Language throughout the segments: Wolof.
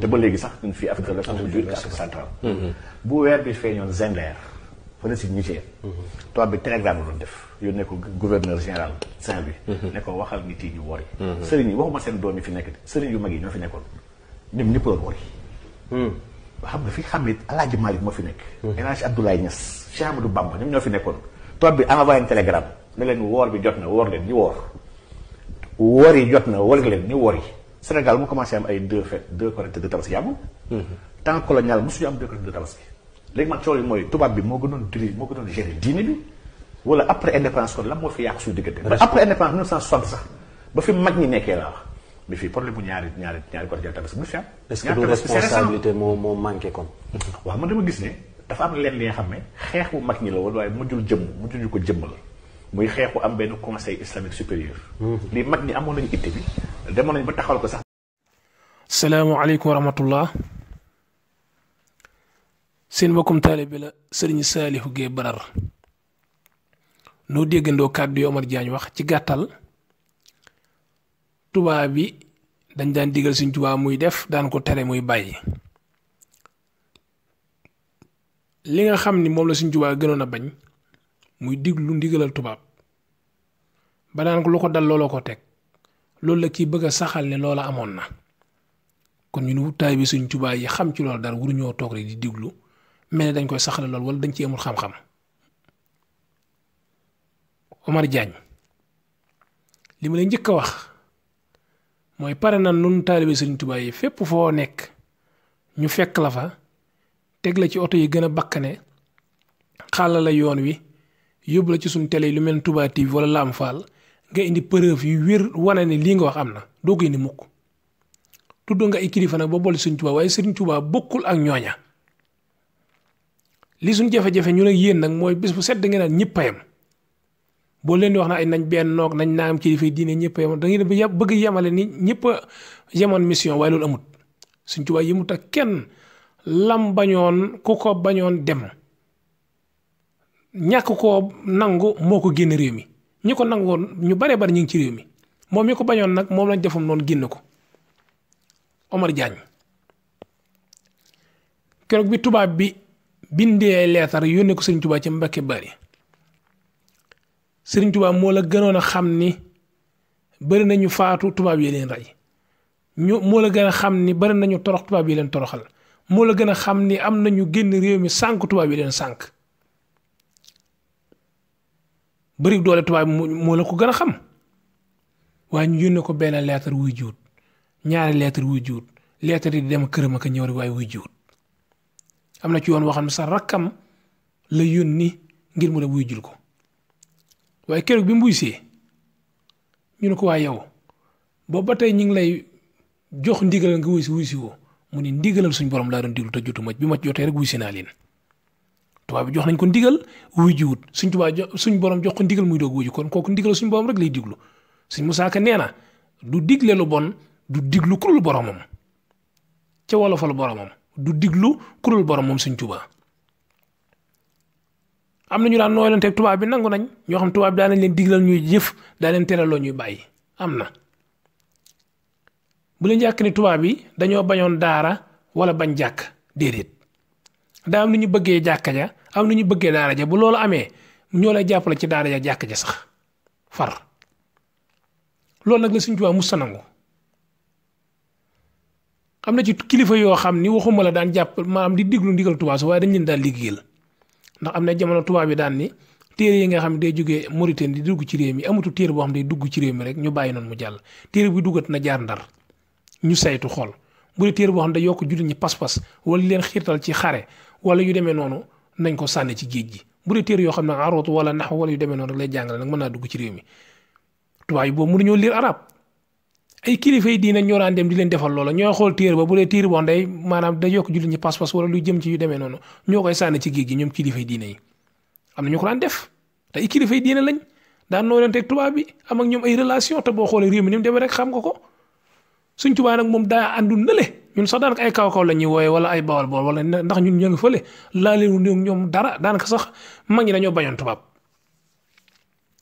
te ba léegi sax ñun fii Afrique de l' Ouest on dit bu weer bi feeñoon Zender fële si Niger. Mm-hmm. tubaab bi télégramme doon def yónnee ko gouverneur général Saint-Louis. Mm-hmm. ne ko waxal nit yi ñu wori. Mm-hmm. sëriñ yi waxuma seen doom yi fi nekk sëriñ yu mag yi ñoo fi nekkoon ñoom ñu doon wori. Mm. xam nga fi xam ne El Hadj Malick moo fi nekk. El Hadj Abdoulaye Niass Cheikh Amadou Bamba ñoom ñoo fi nekkoon tubaab bi envoyé un télégramme ne leen woor bi jot na woor leen ni woor. woor jot na woor leen ñu woor yi. Sénégal moo commencé am ay deux fêtes deux Korité deux Tabaski yàggul. Mm-hmm. temps colonial mosuñu am deux Korité deux Tabaski. léegi man coono mooy tubaab bi moo gënoon diri moo gënoon gérer diine bi wala après indépendance kon lan moo fi yàq suñu diggante. après indépendance 1960 sax ba fi mag ñi nekkee laa wax. mais fii problème bu ñaari ñaari ñaari Korité Tabaski bu fi am. que du responsabilité moo moo manqué kon. waaw man dama gis ne dafa am lenn li nga xam ne xeexu mag ñi la wala waaye mujjul jëmm mujjul ñu ko jëmmal. muy xeexu am benn conseil islamique supérieur. li mhm. mag ñi amoon nañu itte bi demoon nañu ba taxawal ko sax. salaamaaleykum wa rahmatullah seen mbokkum taalibe bi la sëriñ Saalihu Gee Barar noo déggandoo kàddu yi Omar Diagne wax ci gàttal tubaab bi dañ daan digal suñ tubaab muy def daan ko tere muy bàyyi li nga xam ni moom la suñ jubaa gënoon a bañ. muy diglu ndigalal tubaab ba daan ko lu ko dal looloo ko teg loolu la kiy bëgg a saxal ne loola amoon na kon ñu ne wutaay bi suñ tubaab yi xam ci loolu dara waruñoo toog rek di diglu mel ne dañ koy saxale loolu wala dañ ci amul xam-xam Omar Diagne li ma leen njëkk a wax mooy pare na nun taalibe sëriñ Tuubaa yi fépp foo nekk ñu fekk la fa teg la ci oto yi gën a bakkane xàll yoon wi yóbbu la ci suñu télé lu mel ne Touba TV wala Lam Fall nga indi preuve yu wér wane ne lii nga wax am na doo ko indi mukk tudd nga ay kilifa nag ba boole waaye Sëriñ Touba bokkul ak ñooña li suñ jafe ñu ne yéen nag mooy bés bu set da ngeen boo leen di wax na ay nañ benn noog nañ naam kilifa diine ñëpp a yem da ngeen a bëgg yemale ni ñëpp a mission waaye loolu amut Sëriñ yi yëmut ak kenn lam bañoon ku ko bañoon dem. ñàkk koo nangu moo ko génn réew mi ñi ko nangoon ñu baree bari ñu ngi ci réew mi moom mi ko bañoon nag moom lañ defam noonu génn ko Omar Diagne keroog bi tubaab bi bindee leetar yónnee ko Serigne Touba ci Mbacké Bari Serigne Touba moo la gënoon a xam ni bari nañu faatu tubaab yi leen rey ñu moo la gën a xam ni bari nañu torox tubaab yi leen toroxal moo la gën a xam ni am nañu génn réew mi sànq tubaab yi leen sànk bëri doole tubaab moo la ko gën a xam waaye ñu yónnee ko benn lettre wuy juut ñaari lettre wuy juut lettre yi di dem këram ak ñëw rek waaye wuy juut am na ci yoon woo xam ne sa rakkam la yónni ngir mu dem wuy jul ko waaye keroog bi mu wuy buysee ñu ne ko waa yow boobu ba tey ñu ngi lay jox ndigalal nga wuy si wuy si woo mu ne ndigalal suñ borom laa doon diglu te jotuma bi ma jotee rek wuy si naa leen tubaab bi jox nañ ko ndigal wuy jiwut suñ tubaab jox suñ borom jox ko ndigal muy doog wuyu kon kooku ndigal suñ borom rek lay diglu suñ Musaa Ka nee na du digle lu bon du diglu kurul boromam ca wolofal boromam du diglu kurul boromam suñ tubaab am na ñu daan nooylanteeg tubaab bi nangu nañ ñoo xam tubaab bi nañ leen diglal ñuy jëf daa leen ñuy bàyyi am na bu leen ni tubaab yi dañoo bañoon daara wala bañ jàkk déedéet daa am nu ñu bëggee jàkka ja am nu ñu bëggee daara ja bu loolu amee ñoo lay jàppale ci daara ja ja sax far loolu nag suñ tubaab mus nangu na ci kilifa yoo xam ni waxuma la daan jàpp maanaam di diglu ndigal tubaab su dañ leen daal liggéeyal ndax am na jamono tubaab yi daan ni téere yi nga xam day jógee Mauritanie di dugg ci réew mi amatu téere boo xam ne day dugg ci réew mi rek ñu bàyyi noonu mu jàll téere bu duggat na jaar ndar ñu saytu xool bu dee téere boo xam ne day yokk jullit ñi pas-pas wala leen xiirtal ci xare wala yu demee noonu nañ ko sànni ci géej gi bu dee téere yoo xam ne arootu wala nax wala yu demee noonu rek lay jàngale nag mën naa dugg ci réew mi tubaab yi boobu mënuñoo lire arab ay kilifa yi diine ñoo daan dem di leen defal loola ñooy xool téere ba bu dee téere boo day maanaam da yokk jullit ñi pas-pas wala luy jëm ci yu demee noonu ñoo koy sànni ci géej gi ñoom kilifa yi diine yi am na ñu ko daan def te ay kilifa yi diine lañ daan noo leen teg tubaab bi am ak ñoom ay relation te boo xoolee réew mi ni mu demee rek xam nga ko suñ tubaab moom daa àndu nale ñun sax daanaka ay kaw kaw la ñuy wooye wala ay bawal bool wala ndax ñun ñoo ngi fële laalewu ñu ñoom dara daanaka sax mag ñi dañoo bañoon tubaab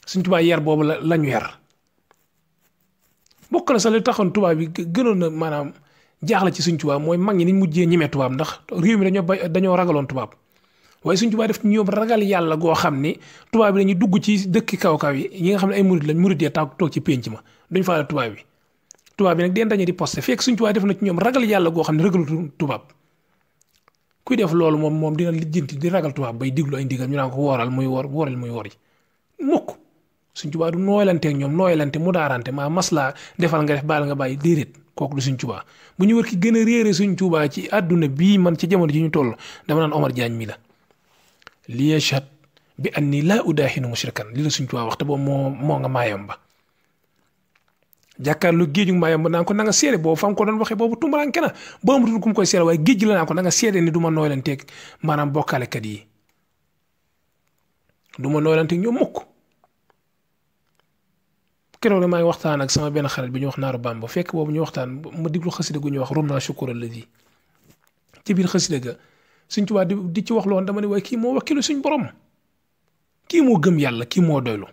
suñ tubaab yar boobu la la yar. bokk na sax li bi gënoon na maanaam jaaxle ci suñ tubaab mooy mag ñi ni mujjee ñemee tubaab ndax réew mi dañoo bay dañoo ragaloon tubaab waaye suñ tubaab def ñoom ragal yàlla goo xam ni tubaab bi dañuy dugg ci dëkki kaw kaw yi ñi nga xam ne ay murid lañ murid ya toog ci pénc ma duñ faale tubaab bi tubaab yi nag den dañu di posté fekk suñ tubaab def na ci ñoom ragal yàlla goo xam ne ragalu tubaab kuy def loolu moom moom dina lijjanti di ragal tubaab bay diglu ay ndigal ñu naan ko wooral muy woor wooral muy wori mukk suñ tubaa du nooyalante ak ñoom nooyalante mu daarante maa maslaa defal nga def baal nga bàyyi déedéet kook du suñ bu ñu wër ki gën a réere suñ tubaa ci àdduna bii man ci jamono ji ñu toll dama naan Omar Diagne mi la li yashhad bi anni laa udaaxinu mushrikan li la suñ tubaa waxte boobu moo moo nga maayam ba jàkkaarlu géej gu maayam ba naan ko nanga nga seede boobu fa mu ko doon waxee boobu tumbaranke na ba amatul ku mu koy seede waaye géej gi la naa ko na nga seede ni du ma nooylanteeg maanaam bokkaalekat yi ma nooylanteeg ñoom mukk keroog la maa ngi waxtaan ak sama benn xarit bi ñu wax naaru Bamba fekk boobu ñu waxtaan ma diglu xasida gu ñuy wax rum naa sukkur alladi ci biir xasida suñ Tuubaa di ci wax loon dama ne waaye kii moo wakkilu suñ borom kii moo gëm yàlla kii moo doylu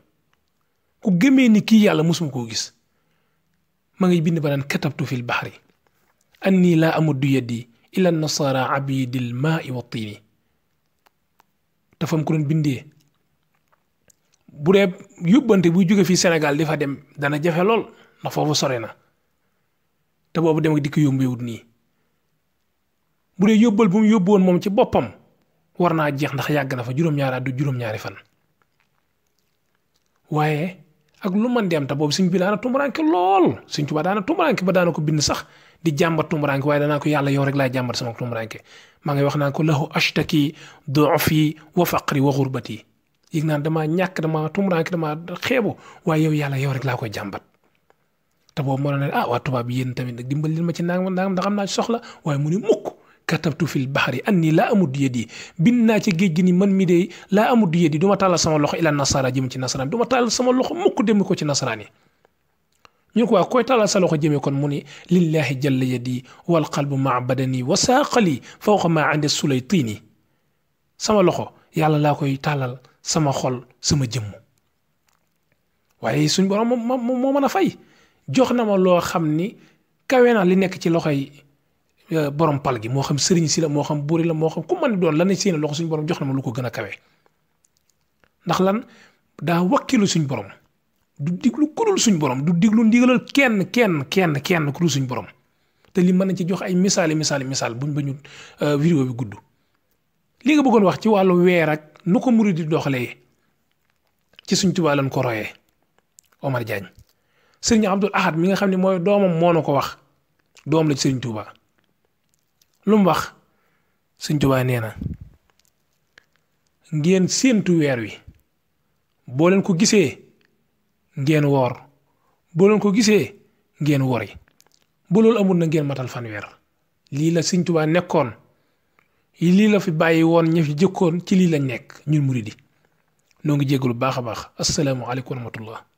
ku gëmee ni kii yàlla mosuma koo gis ma ngay bind ba naan katabtu fil bahri anni laa du yadi ila nasara abidil maa i wa tiini fam ko bindee bu dee yóbbante buy jóge fii senegal di fa dem dana jafe lool ndax foofu sore na te boobu dem ak dikk yómbewut nii bu dee yóbbal yóbbu woon moom ci boppam war naa jeex ndax yàgg na fa juróom-ñaari at juróom-ñaari fan waaye ak lu man di am te boobu sëñ bi daana tumuranke lool sëñ Tuubaa daana tumuranke ba daana ko bind sax di jàmbat tumuranke waaye danaa ko yàlla yow rek laay jàmbat sama tumuranke maa ngi wax naa ko lahu ashtaki du'fi wa faqri wa xurbati yëg naa damaa ñàkk damaa tumuranke damaa xeebu waaye yow yàlla yow rek laa koy jàmbat te boobu moo na ne ah waa tubaab yéen tamit nag dimbal leen ma ci nangam nangam ndax am naa soxla waaye mu ni mukk katabtu fil bahri anni laa amud yadi bind naa ci géej gi ni man mi de laa amud yadi du ma tàllal sama loxo ila nasara jëm ci nasaraan du ma tàllal sama loxo mukk dem ko ci nasaraan yi ñu ko waa koy tàllal sa loxo jëmee kon mu ni lillahi jalla yadi wal qalbu maa badani wa saaqali fawqa maa inde sulaytini sama loxo yàlla laa koy tàllal sama xol sama jëmm waaye suñ borom moo moo mën a fay jox na ma loo xam ni kawe na li nekk ci loxo yi Euh, borom pal gi moo xam sëriñ si la moo xam buuri la moo xam ku mën doon la ne seen loxo suñu borom jox na ma lu ko gën a kawe ndax lan daa wakkilu suñ borom du diglu kudul suñ borom du diglu ndigalal kenn kenn kenn kenn kudul suñ borom te li mën nañ ci jox ay misaali misaali misaal ba ñu euh, vidéo bi gudd li nga bëggoon wax ci wàllu weer ak nu ko murid di doxalee ci suñ Tuubaa lañ ko royee Omar Diagne sëriñ Abdul Ahad mi nga xam ne mooy doomam moo na ko wax doom la ci sëriñ lu mu wax Sëñ nee na ngeen séentu weer wi boo leen ko gisee ngeen woor boo leen ko gisee ngeen wori bu loolu amul na ngeen matal weer lii la Sëñ Tuubaa nekkoon lii la fi bàyyi woon ñi fi jëkkoon ci lii lañ nekk ñun murid di noo ngi jégalu baax a baax asalaamaaleykum wa rahmatullah